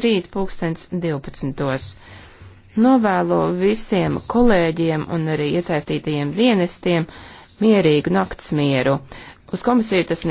rīt pulkstens 12. Novēlu visiem kolēģiem un arī iesaistītajiem dienestiem mierīgu naktsmieru. Uz komisiju tas